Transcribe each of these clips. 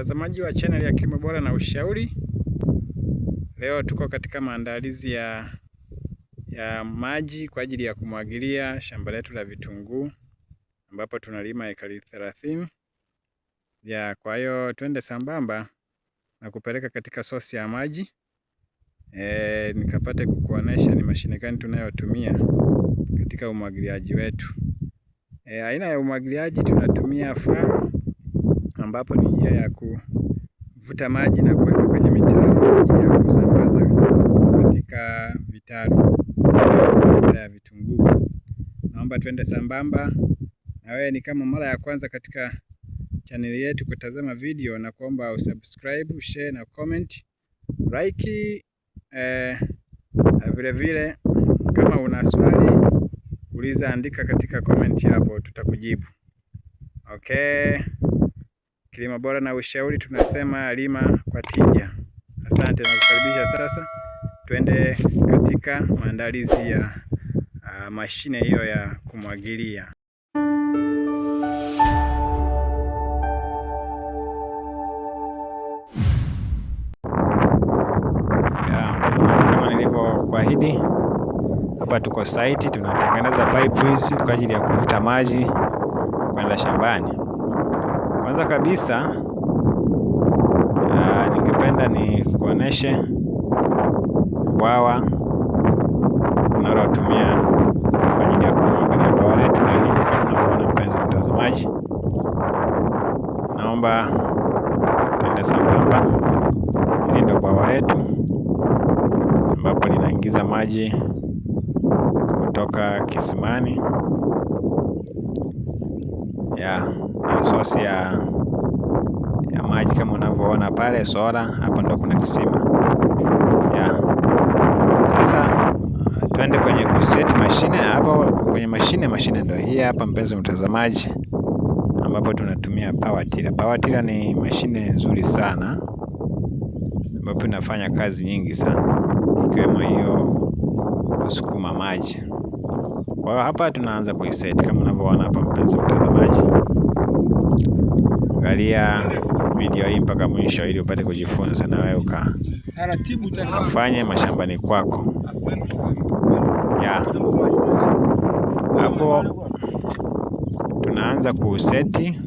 mtazamaji wa channel ya Kilimo Bora na Ushauri. Leo tuko katika maandalizi ya, ya maji kwa ajili ya kumwagilia shamba letu la vitunguu ambapo tunalima ekari 30. Ya, kwa hiyo twende sambamba na kupeleka katika sosi ya maji e, nikapate kukuonesha ni mashine gani tunayotumia katika umwagiliaji wetu. E, aina ya umwagiliaji tunatumia faro ambapo ni njia ya kuvuta maji na kuweka kwenye mitaro ya kusambaza katika vitaru ya vitunguu. Naomba twende sambamba na wewe, ni kama mara ya kwanza katika chaneli yetu kutazama video, na kuomba usubscribe, share na comment like. Eh, vile vile kama una swali uliza, andika katika comment hapo, tutakujibu. Okay. Kilimo bora na ushauri, tunasema lima kwa tija. Asante na kukaribisha. Sasa twende katika maandalizi ya uh, mashine hiyo ya kumwagilia. Kuahidi hapa tuko site, tunatengeneza pipe hizi kwa ajili ya kuvuta maji kwenda shambani. Kwanza kabisa ah, ningependa ni kuoneshe bwawa unalotumia kwa ajili ya kumwagilia bwawa letu la hili, kama unavyoona mpenzi mtazamaji. Naomba tuende sambamba. Hili ndio bwawa letu ambapo linaingiza maji kutoka kisimani ya na sosi ya, ya maji kama unavyoona pale sola. Hapo ndo kuna kisima ya. Sasa twende kwenye kuseti mashine hapo. Kwenye mashine mashine ndo hii hapa, mpenzi mtazamaji, ambapo tunatumia power tiller. Power tiller ni mashine nzuri sana ambapo inafanya kazi nyingi sana, ikiwemo hiyo kusukuma maji. Kwa hiyo hapa tunaanza kuiset kama unavyoona hapa, mpenzi mtazamaji, angalia video hii mpaka mwisho ili upate kujifunza na wewe uka ukafanye mashambani kwako ya hapo. Tunaanza kuseti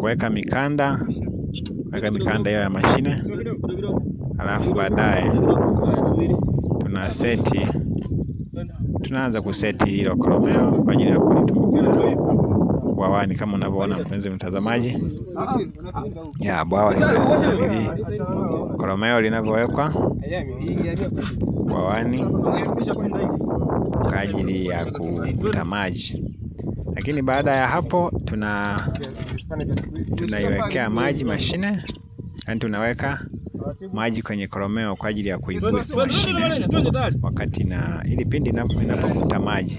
kuweka mikanda, kuweka mikanda hiyo ya mashine, alafu baadaye tuna seti tunaanza kuseti hilo koromeo kwa ajili ya kulitumia bwawa. kama unavyoona mpenzi mtazamaji, ya bwawa lili koromeo linavyowekwa bwawani kwa ajili ya kuvuta maji lakini baada ya hapo tuna tunaiwekea maji mashine, yaani tunaweka maji kwenye koromeo kwa ajili ya kuiboost mashine wakati na ili pindi inapovuta maji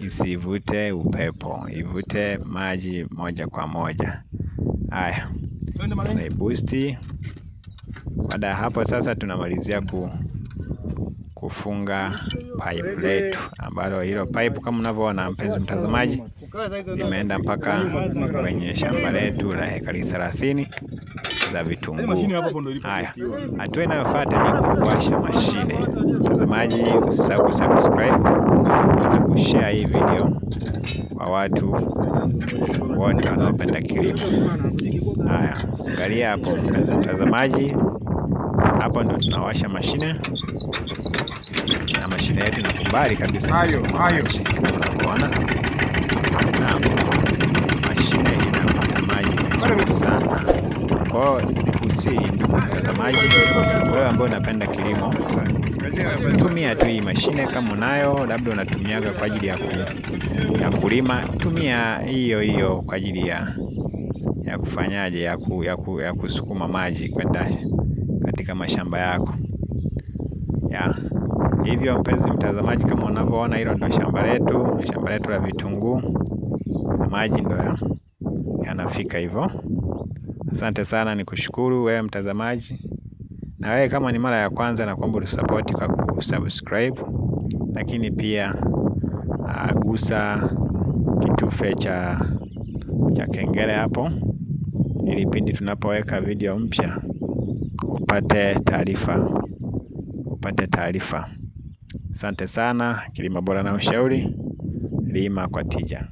isivute upepo, ivute maji moja kwa moja. Haya, tunaibusti. Baada ya hapo sasa tunamalizia ku, kufunga pipe letu ambalo hilo pipe kama unavyoona mpenzi mtazamaji, limeenda mpaka kwenye shamba letu la hekari thelathini za yaani vitunguu. Haya, hatua inayofuata ni kuwasha mashine. Mtazamaji, usisahau kusubscribe na kushare hii video kwa watu wote wanaopenda kilimo. Haya, angalia hapo mtazamaji, hapo ndo tunawasha mashine na mashine yetu na kabisa, hayo hayo unaona Naam. Basi mtazamaji, wewe ambaye unapenda kilimo, tumia tu hii mashine kama unayo, labda unatumiaga kwa ajili ya, ku, ya kulima, tumia hiyo hiyo kwa ajili ya ya kufanyaje ya, ku, ya, ku, ya kusukuma maji kwenda katika mashamba yako ya. Hivyo mpenzi mtazamaji, kama unavyoona, hilo ndio shamba letu, shamba letu la vitunguu, maji ndio yanafika hivyo. Asante sana ni kushukuru wewe mtazamaji, na wewe kama ni mara ya kwanza na kuomba utusapoti kwa kusubscribe, lakini pia uh, gusa kitufe cha, cha kengele hapo ili pindi tunapoweka video mpya upate taarifa upate taarifa. Asante sana. Kilimo Bora na Ushauri, lima kwa tija.